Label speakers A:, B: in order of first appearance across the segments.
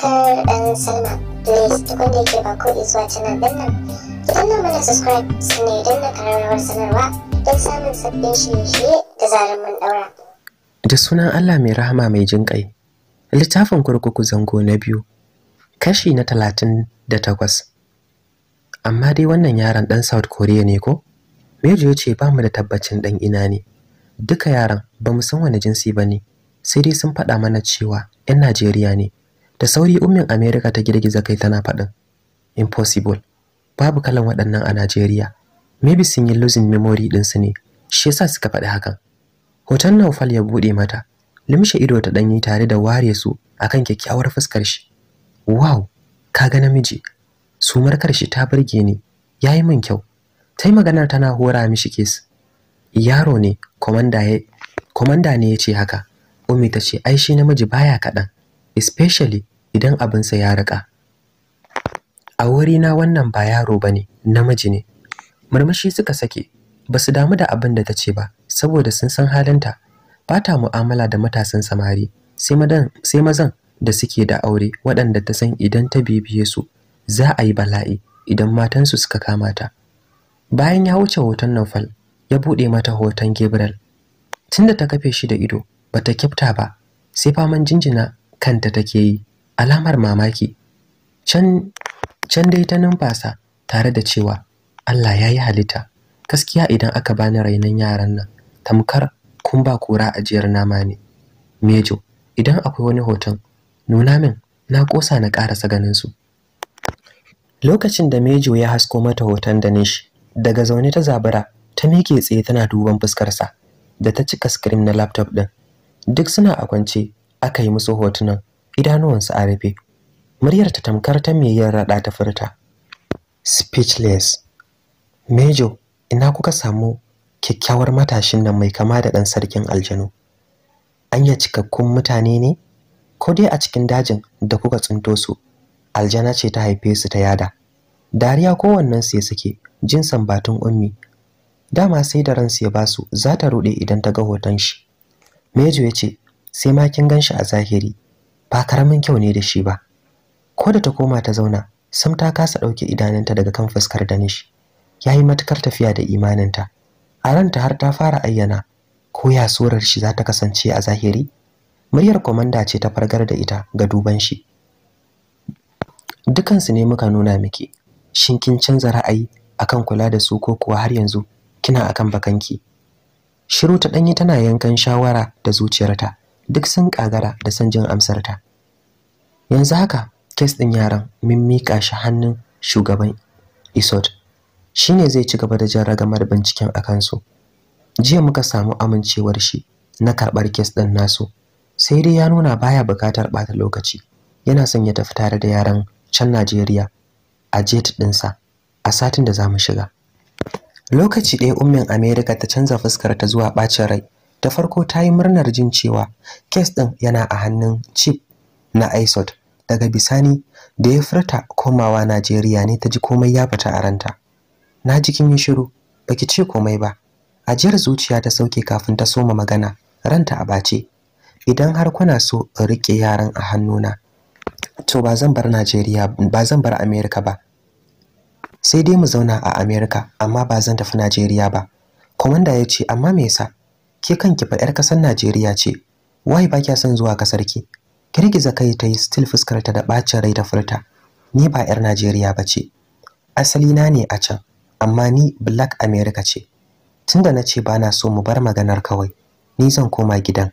A: subscribe and sign up. Please tukun da yake ba ko zuwa canal din nan. Ki danna mana subscribe sannan idan na kararrawar sanarwa don samun sabbin shirye-shirye da zarar mun daura. Da sunan Allah mai rahama mai jin ƙai. Littafin kurkuku zango na biyu. Kashi na talatin da takwas. Amma dai wannan yaran ɗan South Korea ne ko? Mejo ya ce ba mu da tabbacin ɗan ina ne. Duka yaran ba mu san wani jinsi ba ne, sai dai sun faɗa mana cewa 'yan Najeriya ne. da sauri ummin america ta girgiza kai tana faɗin impossible babu kalan waɗannan a najeriya maybe sun yi losing memory su ne shi yasa suka faɗi hakan hoton naufal ya bude mata limshe ido ta danyi tare da ware su akan kyakkyawar fuskar shi wow ka ga namiji sumar shi ta burge ni yayi min kyau tai maganar tana hora mishi kes yaro ne komanda ya komanda ne yace haka ummi ta ce ai shi namiji baya kaɗan especially idan abinsa ya riƙa a wurina wannan ba yaro ba ne namiji ne murmushi suka sake ba su damu da abin da ta ce ba saboda sun san halinta ba ta mu'amala da matasan samari sai mazan da suke da aure waɗanda ta san idan ta bibiye su za a yi bala'i idan matansu suka kama ta bayan ya wuce hoton Naufal ya buɗe mata hoton Gabriel tunda ta kafe shi da ido bata kyafta ba sai faman jinjina kanta take yi alamar mamaki can can dai ta numfasa tare da cewa Allah ya yi halitta gaskiya idan aka bani rainon yaran nan tamkar kun ba kura ajiyar nama ne mejo idan akwai wani hoton nuna min na kosa na karasa ganin su lokacin da mejo ya hasko mata hoton da nishi daga zaune ta zabara ta miƙe tsaye tana duban fuskarsa da ta cika screen na laptop din duk suna a kwance aka yi musu hotunan idanuwansa a rufe muryar ta tamkar ta mai yin rada ta furta speechless mejo ina kuka samu kyakkyawar matashin nan mai kama da ɗan sarkin aljanu anya cikakkun mutane ne ko dai a cikin dajin da kuka tsinto su aljana ce ta haife su ta yada dariya kowannen su ya suke jin sambatun ummi dama sai da ransu ya basu za ta ruɗe idan ta ga hoton shi mejo ya ce sai ma kin gan shi a zahiri ba karamin kyau ne da shi ba ko da ta koma ta zauna sam ta kasa ɗauke idanunta daga kan fuskar danish ya yi matukar tafiya da imaninta a ranta har ta fara ayyana ko ya surar shi za ta kasance a zahiri muryar komanda ce ta fargar da ita ga duban shi dukansu ne muka nuna miki shin kin canza ra'ayi akan kula da su ko kuwa har yanzu kina akan bakanki shiru ta danyi tana yankan shawara da zuciyarta duk sun kagara da san jin amsarta yanzu haka kes ɗin yaran min mika shi hannun shugaban isod shine zai ci gaba da jan ragamar binciken a kansu jiya muka samu amincewar shi na karɓar kes ɗin nasu sai dai ya nuna baya buƙatar ɓata lokaci yana son ya tafi tare da yaran can Najeriya a jet ɗinsa a satin da za mu shiga. Lokaci ɗaya ummin Amerika ta canza fuskar ta zuwa ɓacin rai da farko ta yi murnar jin cewa kes ɗin yana a hannun chip na isot daga bisani da ya furta komawa najeriya ne ta ji komai ya fita a ranta na ji kin yi shiru baki ce komai ba ajiyar zuciya ta sauke kafin ta soma magana ranta a bace idan har kuna so in rike yaran a hannuna to ba zan bar najeriya ba sai dai mu zauna a Amerika amma ba zan tafi najeriya ba komanda ya ce amma me yasa ke kanki fa yar kasar Najeriya ce wai ba kya son zuwa kasar ki kirgiza kai ta yi still fuskar ta da bacin rai da furta ni ba yar Najeriya ba ce asali na ne a can amma ni Black America ce tunda na ce ba na so mu bar maganar kawai ni zan koma gidan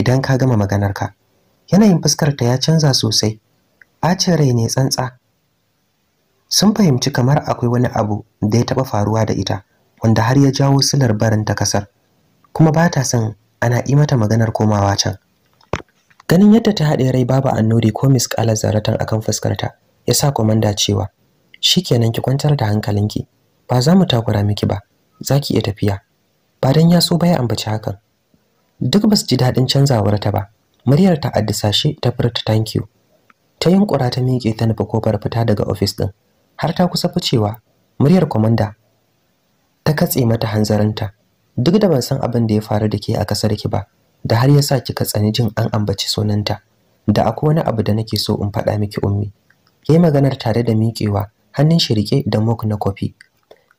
A: idan ka gama maganar ka yanayin fuskar ta ya canza sosai bacin rai ne tsantsa sun fahimci kamar akwai wani abu da ya taba faruwa da ita wanda har ya jawo silar barin ta kasar kuma ba ta son ana yi mata maganar komawa can ganin yadda ta haɗe rai babu annuri ko miskalar zaratan akan fuskarta ya sa komanda cewa Shi kenan ki kwantar da hankalinki ba za mu takura miki ba za ki iya tafiya ba dan ya so ba ya ambaci hakan duk ba ji daɗin canzawar ta ba muryar ta addisa shi ta furta thank you ta yunkura ta miƙe ta nufa kofar fita daga ofis ɗin har ta kusa ficewa muryar komanda ta katse mata hanzarinta duk da ban san abin da ya faru da ke a kasar ki ba da har ya sa kika tsani jin an ambaci sunanta da akwai wani abu da nake so in faɗa miki ummi ke maganar tare da miƙewa hannun shi rike da mok na kofi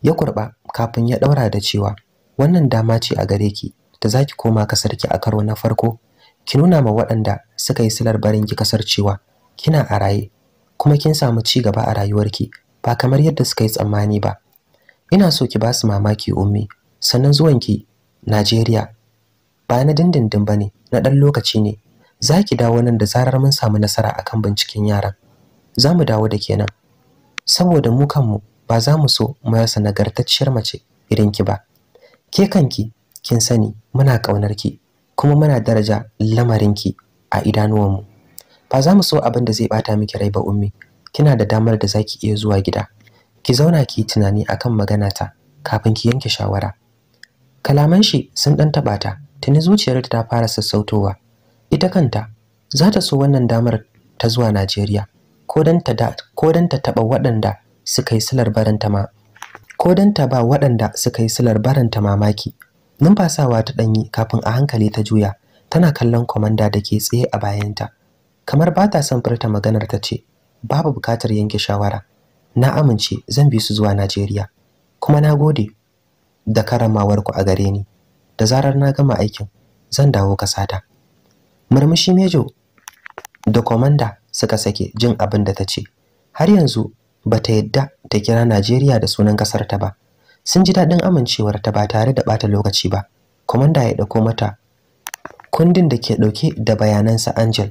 A: ya kurba kafin ya daura da cewa wannan dama ce a gare ki da zaki koma kasar ki a karo na farko ki nuna ma waɗanda suka yi silar barin ki kasar cewa kina a raye kuma kin samu ci gaba a rayuwarki ba kamar yadda suka yi tsammani ba ina so ki ba su mamaki ummi sannan zuwanki Najeriya ba na dindindin ba ne na ɗan lokaci ne zaki dawo nan da zarar mun samu nasara akan binciken yaran zamu dawo da kenan saboda mu kanmu ba za mu so mu rasa nagartacciyar mace irin ki ba ke kanki kin sani muna ƙaunar ki kuma muna daraja lamarin ki a mu ba za mu so abin da zai bata miki rai ba ummi kina da damar da zaki iya zuwa gida ki zauna ki tunani akan magana ta kafin ki yanke shawara kalaman shi sun dan taba ta tuni zuciyarta ta fara sassautowa ita kanta za ta so wannan damar ta zuwa Najeriya ko dan ta ko dan ta taba waɗanda suka yi silar baranta ma ko dan ta ba waɗanda suka yi silar baranta mamaki numfasawa ta danyi kafin a hankali ta juya tana kallon komanda da ke tsaye a bayanta kamar ba ta son furta maganar ta ce babu bukatar yanke shawara na amince zan bi su zuwa Najeriya kuma na gode da ku a gare ni da zarar na gama aikin zan dawo kasata murmushi mejo da komanda suka sake jin abin da ta ce har yanzu ba ta yadda ta kira Najeriya da sunan ƙasarta ba sun ji daɗin amincewar ta ba tare da bata lokaci ba komanda ya ɗauko mata kundin da ke ɗauke da bayanansa Angel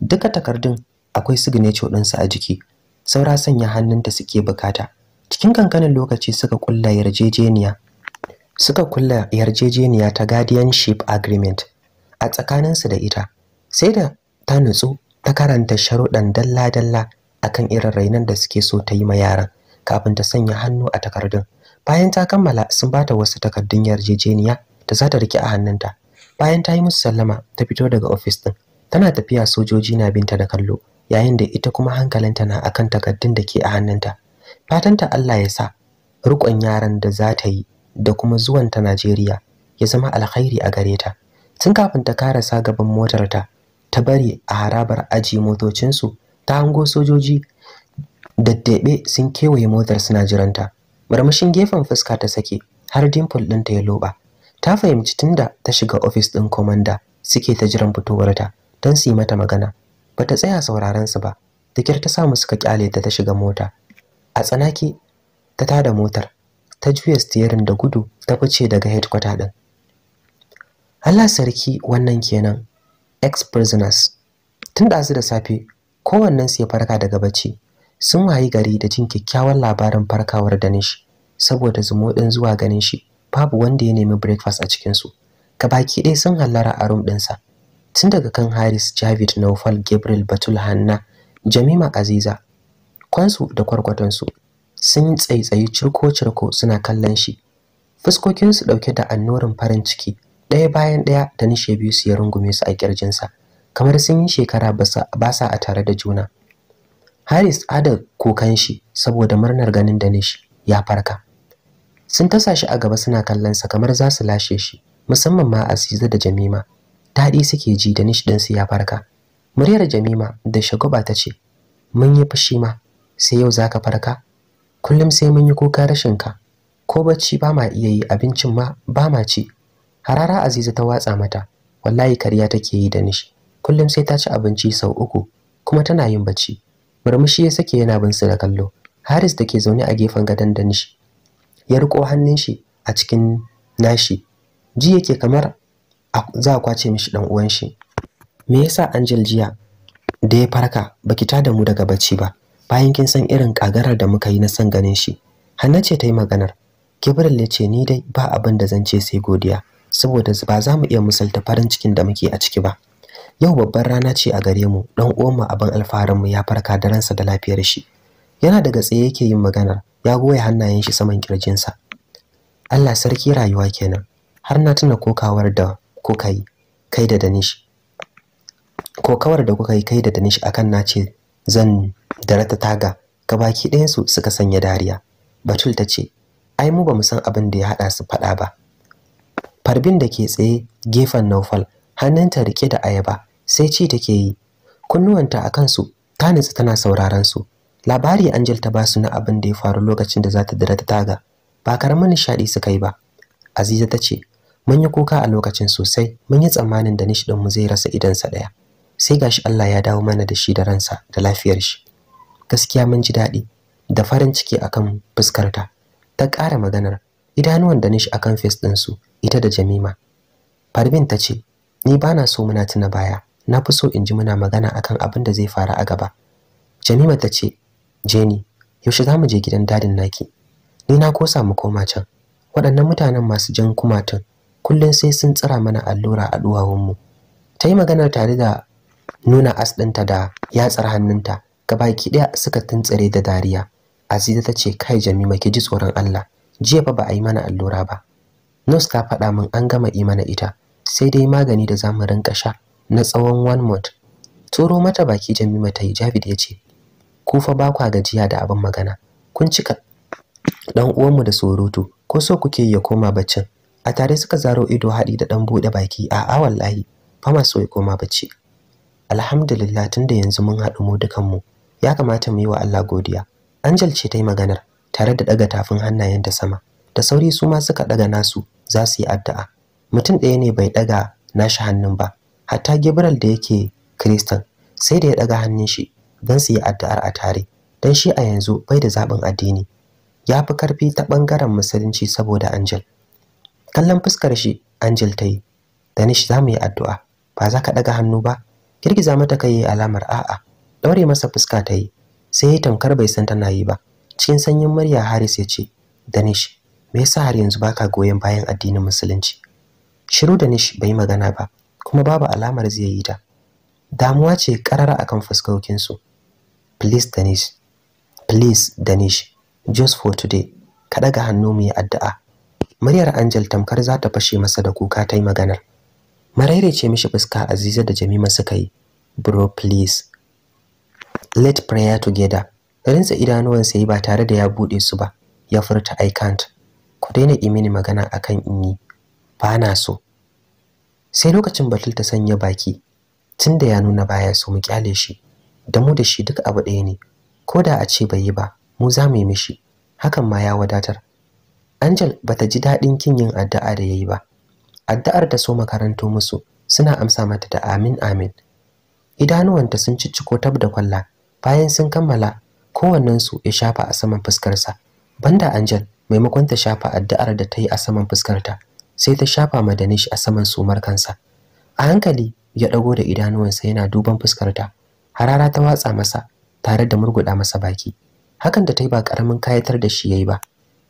A: duka takardun akwai signature ɗinsa a jiki saura sanya hannunta suke bukata cikin kankanin lokaci suka kulla yarjejeniya suka kulla yarjejeniya ta guardianship agreement a tsakaninsu da ita sai da ta nutsu ta karanta sharuɗan dalla-dalla akan irin rainan da suke so ta yi ma yaran kafin ta sanya hannu a takardun bayan ta kammala sun bata wasu takardun yarjejeniya da za ta rike a hannunta bayan ta yi musu sallama ta fito daga ofis din tana tafiya sojoji na binta da kallo yayin da ita kuma hankalinta na akan takardun da ke a hannunta fatanta Allah ya sa rukon yaran da za ta yi da kuma zuwan ta Najeriya ya zama alkhairi a gare ta. Tun kafin ta karasa gaban motar ta ta bari a harabar aji motocinsu ta hango sojoji daddaɓe sun kewaye motar suna jiranta. Marmashin gefen fuska ta sake har dimple ɗinta ya loba. Ta fahimci tunda ta shiga ofis ɗin commander suke ta jiran fitowarta don su yi mata magana. Bata tsaya sauraron su ba. Dikir ta samu suka kyale ta ta shiga mota. A tsanaki ta tada motar ta juya steering da gudu ta fice daga headquarter din Allah sarki wannan kenan ex prisoners tun da da safe kowannen su ya farka daga bacci sun wayi gari da jin kyakkyawan labarin farkawar Danish saboda zumuɗin zuwa ganin shi babu wanda ya nemi breakfast a cikin su baki ɗaya sun hallara a room ɗinsa tun daga kan Haris Javid Naufal Gabriel Batul Hanna Jamima Aziza kwansu da kwarkwatansu sun yi tsaitsayi cirko-cirko suna kallon shi Fuskokin su ɗauke da annorin farin ciki ɗaya bayan ɗaya da nishe biyu su ya rungume su a ƙirjinsa kamar sun yi shekara ba sa a tare da juna haris ada kukan shi saboda murnar ganin da nishi, ya farka sun tasa shi a gaba suna kallon sa kamar za su lashe shi musamman ma aziza da jamima daɗi suke ji da nish ɗinsu ya farka muryar jamima da shagoba ta ce mun yi fushi ma sai yau za ka farka kullum sai mun yi kuka rashin ka ko bacci ba ma iya yi abincin ma ba ma ci harara aziza ta watsa mata wallahi karya take yi da nishi kullum sai ta ci abinci sau uku kuma tana yin bacci murmushi ya sake yana bin su da kallo haris da ke zaune a gefen gadon da nishi ya riko hannun shi a cikin nashi ji yake kamar za a kwace mishi dan uwan shi me yasa angel jiya da ya farka baki ta da mu daga bacci ba bayan kin san irin kagarar da muka yi na san ganin shi hanna ce ta yi maganar kibril ya ce ni dai ba abin da zan ce sai godiya saboda ba za mu iya misalta farin cikin da muke a ciki ba yau babbar rana ce a gare mu dan uwanmu abin alfaharinmu ya farka da ransa da lafiyar shi yana daga tsaye yake yin maganar ya goya hannayen shi saman kirjinsa Allah sarki rayuwa kenan har na tuna kokawar da kuka yi kai da Danish kawar da kuka yi kai da Danish akan na ce zan da taga, gabaki ɗayansu suka sanya dariya batul ta ce ai mu ba mu san abin da ya haɗa su faɗa ba farbin da ke tsaye gefen naufal hannunta rike da ayaba sai ci take yi kunnuwanta a kansu ta nutsu tana sauraron su labari angel ta basu na abin da ya faru lokacin da za ta dira taga ba karamin nishaɗi suka yi ba aziza ta ce mun yi kuka a lokacin sosai mun yi tsammanin da nishi ɗinmu zai rasa idansa ɗaya sai gashi allah ya dawo mana da shi da ransa da lafiyar shi gaskiya mun ji daɗi da farin ciki akan fuskarta ta ƙara maganar idanuwan da nishi akan face ɗinsu ita da jamima farbin ta ce ni ba na so muna tuna baya na fi so in ji muna magana akan abin da zai faru a gaba jamima ta ce jeni yaushe za mu je gidan dadin naki ni na kosa mu koma can waɗannan mutanen masu jan kumatun kullum sai sun tsira mana allura a duwawunmu ta yi maganar tare da nuna as ɗinta da yatsar hannunta gabaki ɗaya suka tuntsare da dariya aziza ta ce kai jamima ki ji tsoron Allah jiya fa ba a yi mana allura ba nus ta faɗa min an gama yi mana ita sai dai magani da zamu rinka sha na tsawon one month turo mata baki jamima ta yi javid ya ce ku fa ba kwa gajiya da abin magana kun cika dan uwanmu da soroto ko so kuke ya koma baccin a tare suka zaro ido haɗi da ɗan buɗe baki a a wallahi fama so ya koma bacci alhamdulillah tunda yanzu mun haɗu mu dukanmu ya kamata mu yi wa Allah godiya Angel ce ta yi maganar tare da daga tafin hannayen da sama da sauri su ma suka daga nasu za su yi addu'a mutum ɗaya ne bai daga nashi hannun ba hatta Gabriel da yake Kristan sai da ya daga hannun shi don su yi addu'ar a tare don shi a yanzu bai da zaɓin addini ya fi karfi ta ɓangaren musulunci saboda Angel kallon fuskar shi Angel ta yi da shi za mu yi addu'a ba za ka daga hannu ba girgiza mata kai alamar a'a daure masa fuska ta yi sai ya tamkar bai san tana yi ba cikin sanyin murya Haris ya ce Danish me yasa har yanzu baka goyon bayan addinin musulunci shiru Danish bai magana ba kuma babu alamar zai yi ta damuwa ce karara akan fuskokin su please Danish please Danish just for today ka daga hannu mu yi addu'a muryar Angel tamkar za ta fashe masa da kuka ta yi maganar ce mishi fuska Aziza da Jamima suka yi bro please let prayer together rinsa idanuwan sai ba tare da ya bude su ba ya furta i can't ku daina yi mini magana akan inni ba na so sai lokacin batul ta sanya baki tunda ya nuna baya so mu kyale shi da mu da shi duk abu ɗaya ne ko da a ce bai yi ba mu za mu yi mishi hakan ma ya wadatar Angel bata ji daɗin kin yin addu'a da yayi ba addu'ar da so makaranto musu suna amsa mata da amin amin idanuwanta sun cicciko tab da kwalla bayan sun kammala kowannensu ya shafa a saman fuskarsa banda Angel maimakon ta shafa addu'ar da ta yi a saman fuskarta sai ta shafa ma a saman sumar kansa a hankali ya dago da idanuwansa yana duban fuskarta harara ta watsa masa tare da murguda masa baki hakan da ta yi ba karamin kayatar da shi yayi ba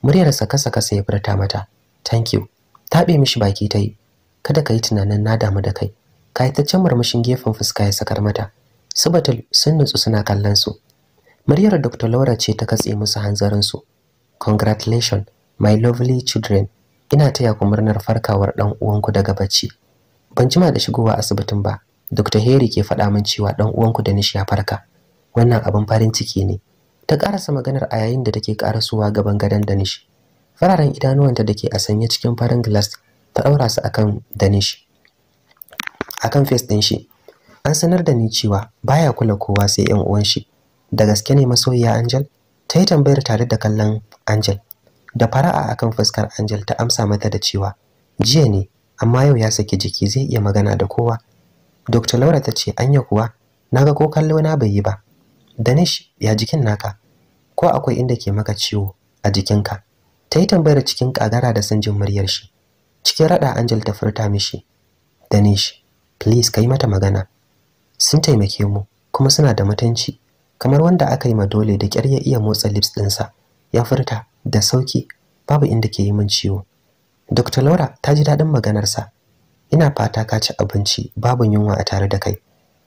A: muryarsa kasa kasa ya furta mata thank you taɓe mishi baki ta yi kada ka yi tunanin na damu da kai kayataccen murmushin gefen fuska ya sakar mata su sun nutsu suna kallon su muryar dr laura ce ta katse musu hanzarin su congratulations my lovely children ina taya ku murnar farkawar dan uwanku daga bacci ban jima da shigowa asibitin ba dr heri ke faɗa min cewa dan uwanku da nishi ya farka wannan abin farin ciki ne ta karasa maganar a yayin da take karasowa gaban gadon danish fararen idanuwanta da ke a sanye cikin farin glass ta daura su akan danish akan face din shi an sanar da ni cewa baya kula kowa sai yan uwan shi da gaske ne masoyiya Angel ta yi tambayar tare da kallon Angel da fara'a akan fuskar Angel ta amsa mata da cewa jiya ne amma yau ya saki jiki zai iya magana da kowa Dr. Laura ta ce anya kuwa Na ga ko kallo na bai yi ba Danish ya jikin naka ko akwai inda ke maka ciwo a jikinka ta yi tambayar cikin kagara da sanjin muryar shi cikin rada Angel ta furta mishi Danish please kai mata magana sun taimake mu kuma suna da mutunci kamar wanda aka yi ma dole da kyar ya iya motsa lips ɗinsa ya furta da sauki babu inda ke yi min ciwo dr laura ta ji daɗin maganarsa ina fata ka ci abinci babu yunwa a tare da kai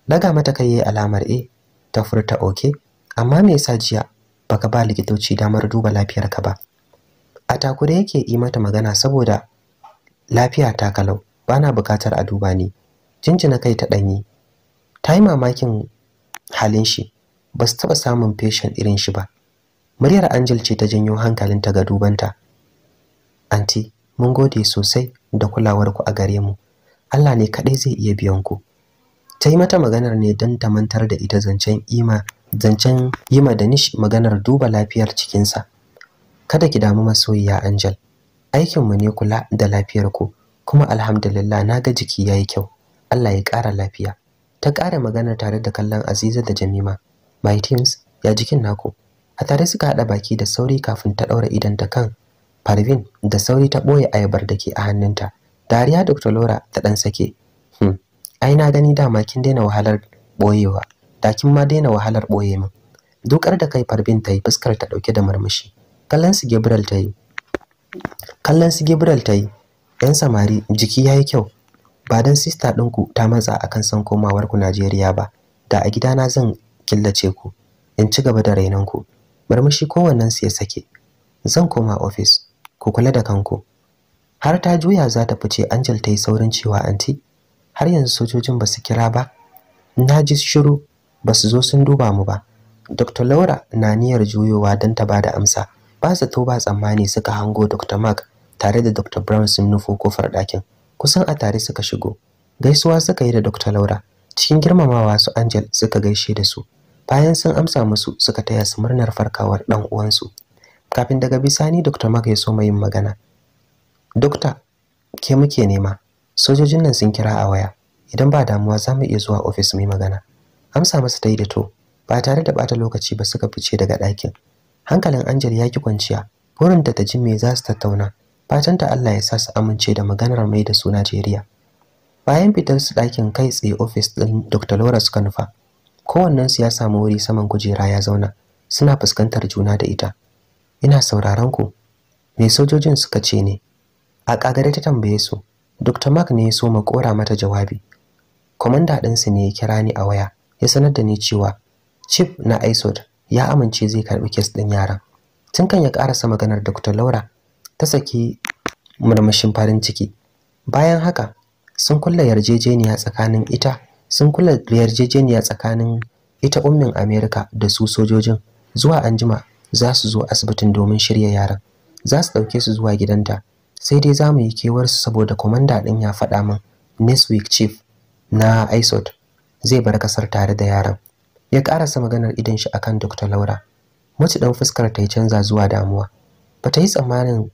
A: daga mata kai yayi alamar e ta furta OK, amma me yasa jiya baka ba likitoci damar duba lafiyarka ba a takure yake yi mata magana saboda lafiya ta kalau bana bukatar a duba ni jinjina kai ta danyi ta yi mamakin halin shi ba su taɓa samun feshen irin shi ba muryar angel ce ta janyo hankalinta ga dubanta anti mun gode sosai da kulawarku a gare mu allah ne kaɗai zai iya biyan ku ta yi mata maganar ne don ta mantar da ita zancen ima zancen yima da nish maganar duba lafiyar cikinsa kada ki damu masoyiya angel aikinmu ne kula da lafiyar ku, kuma alhamdulillah na ga jiki ya yi kyau allah ya ƙara lafiya ta ƙara magana tare da kallon aziza da jamima my teams ya jikin naku a tare suka haɗa baki da sauri kafin ta ɗaura idan ta kan parvin da sauri ta ɓoye ayabar da ke a hannunta dariya dr laura ta ɗan sake hmm. ai na gani dama kin daina wahalar ɓoyewa da kin ma daina wahalar ɓoye min dukar da kai farbin ta yi fuskar ta ɗauke da murmushi kallon su gabriel ta yi kallon su gabriel ta yan samari jiki ya yi kyau ba dan sista ɗinku ta matsa akan san komawar ku Najeriya ba da a gidana zan killace ku in ci gaba da rainon ku murmushi kowannen su ya sake zan koma ofis. ku kula da kanku har ta juya za ta fice Angel ta yi saurin cewa anti har yanzu sojojin ba su kira ba na ji shiru ba su zo sun duba mu ba Dr. Laura na niyyar juyowa don ta bada amsa ba zato ba tsammani suka hango Dr. Mark tare da Dr. Brown sun nufo kofar ɗakin. kusan a tare suka shigo gaisuwa suka yi da Dr. Laura cikin girmamawa su Angel suka gaishe da su bayan sun amsa musu suka taya su murnar farkawar dan uwansu kafin daga bisani Dr. Mark ya so mai yin magana Dokta ke muke nema sojojin nan sun kira a waya idan ba damuwa za mu iya zuwa ofis mai magana amsa musu ta yi da to ba tare da bata lokaci ba suka fice daga ɗakin hankalin Angel ya ki kwanciya burinta ta ji me za su tattauna fatan ta Allah ya sa su amince da maganar mai da su Najeriya bayan fitar su dakin kai tsaye ofis ɗin Dr. Laura suka nufa kowannen su ya samu wuri saman kujera ya zauna suna fuskantar juna da ita ina sauraron ku me sojojin suka ce ne a kagare ta tambaye su Dr. Mark ne ya so ma kora mata jawabi komanda ɗinsu ne ya kira ni a waya ya sanar da ni cewa chief na isod ya amince zai karɓi kes ɗin yaran tun kan ya karasa maganar dr laura ta saki murmushin farin ciki bayan haka sun kulla yarjejeniya tsakanin ita sun kulla yarjejeniya tsakanin ita ummin Amerika da su sojojin zuwa anjima za su zo asibitin domin shirya yaran za su dauke su zuwa gidanta sai dai za mu yi kewar saboda kwamanda din ya faɗa min next week chief na ISOT zai bar ƙasar tare da yaran ya karasa maganar idan shi akan Dr. Laura mace dan fuskar ta yi canza zuwa damuwa Ba ta yi tsammanin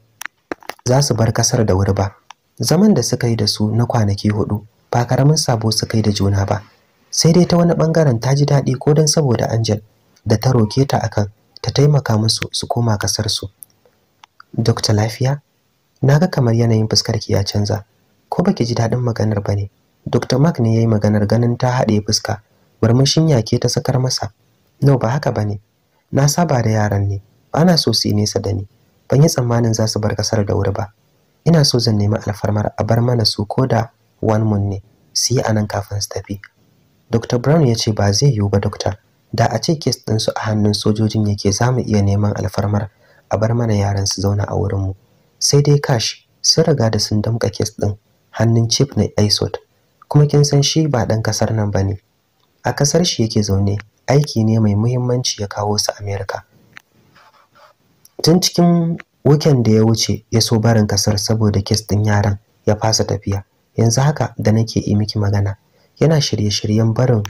A: za su bar kasar da wuri ba zaman da suka yi da su na kwanaki hudu ba karamin sabo suka yi da juna ba sai dai ta wani bangaren ta ji daɗi ko don saboda Angel da ta roke ta akan ta taimaka musu su koma kasar su Dr. Lafiya ga kamar yanayin fuskar ki ya canza ko baki ji daɗin maganar bane Dr. Mark ne ya yi maganar ganin ta haɗe fuska murmushin yake ta sakar masa no ba haka bane na saba da yaran ne ana so su yi nesa da ni ban yi tsammanin za su bar kasar da wuri ba ina so zan nemi alfarmar a bar mana su ko da wani mun ne su yi nan kafin su tafi dr brown ya ce ba zai yiwu ba dokta da a ce kes ɗinsu a hannun sojojin yake za mu iya neman alfarmar a bar mana yaran su zauna a wurinmu sai dai kash sun riga da sun damƙa kes ɗin hannun chief na isot kuma kin san shi ba ɗan kasar nan ba ne a kasar shi yake zaune aiki ne mai muhimmanci ya kawo su america tun cikin weekend da ya wuce ya so barin kasar saboda kes din yaran ya fasa tafiya yanzu haka da nake yi miki magana yana shirye-shiryen barin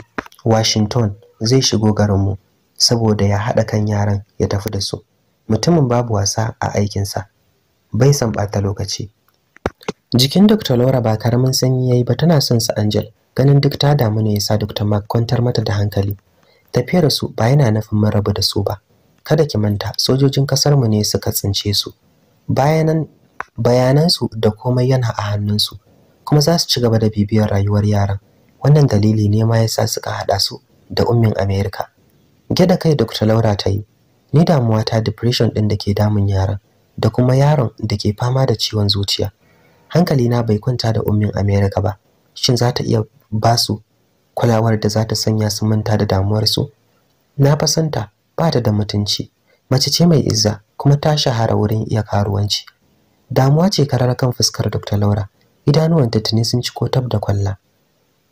A: Washington zai shigo garinmu saboda ya haɗa kan yaran ya tafi da su mutumin babu wasa a aikinsa bai san ɓata lokaci jikin Dr. Laura ba karamin sanyi yayi ba tana son su Angel ganin duk ta damu ne sa Dr. Mark kwantar mata da hankali tafiyar su ba yana nufin mun rabu da su ba kada ki manta sojojin kasar mu ne suka tsince su bayanan bayanan su da komai yana a hannun su kuma za su ci gaba da bibiyar rayuwar yaran wannan dalili ne ma yasa suka hada su da ummin America gida kai Dr. Laura ta yi ni damuwa ta depression din da ke damun yaran da kuma yaron da ke fama da ciwon zuciya hankali na bai kwanta da ummin America ba shin za ta iya ba su kulawar da za ta sanya su manta da damuwarsu na fasanta ba ta da mutunci mace ce mai izza kuma ta shahara wurin iya karuwanci damuwa ce karar kan fuskar Dr. Laura idanuwanta tuni sun ci kotab da kwalla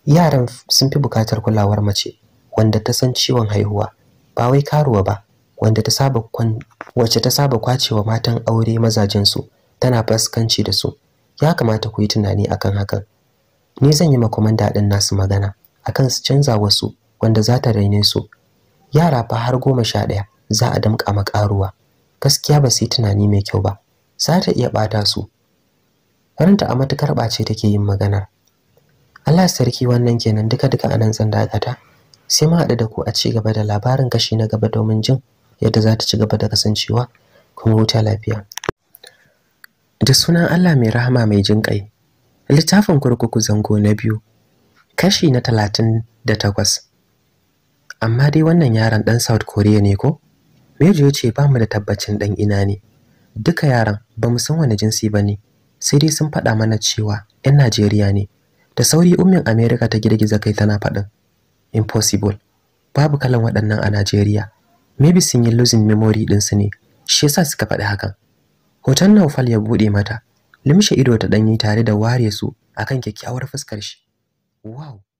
A: yaran sun fi bukatar kulawar mace wanda ta san ciwon haihuwa ba wai karuwa ba wanda ta saba kwan wacce ta saba kwacewa matan aure mazajen su tana fuskanci da su ya kamata ku yi tunani akan hakan ni zan yi makomanda din nasu magana akan su canza wasu wanda za ta raine su yara fa har goma sha ɗaya za a damƙa maƙaruwa gaskiya ba su yi tunani mai kyau ba za ta iya ɓata su ranta a matukar ɓace take yin maganar Allah sarki wannan kenan duka duka anan zan dakata sai mu haɗu da ku a ci gaba da labarin kashi na gaba domin jin yadda za ta ci gaba da kasancewa kuma wuta lafiya da sunan Allah mai rahama mai jin ƙai littafin kurkuku zango na biyu kashi na talatin da takwas amma dai wannan yaran ɗan South Korea ne ko? Mejo ya ce ba mu da tabbacin ɗan ina ne. Duka yaran ba mu san wani jinsi ba ne, sai dai sun faɗa mana cewa 'yan Najeriya ne. Da sauri ummin Amerika ta girgiza kai tana faɗin. Impossible. Babu kalan waɗannan a Najeriya. Maybe sun yi losing memory su ne, shi yasa suka faɗi hakan. Hoton Naufal ya buɗe mata, limshe ido ta ɗanyi tare da ware su akan kyakkyawar fuskar shi. Wow!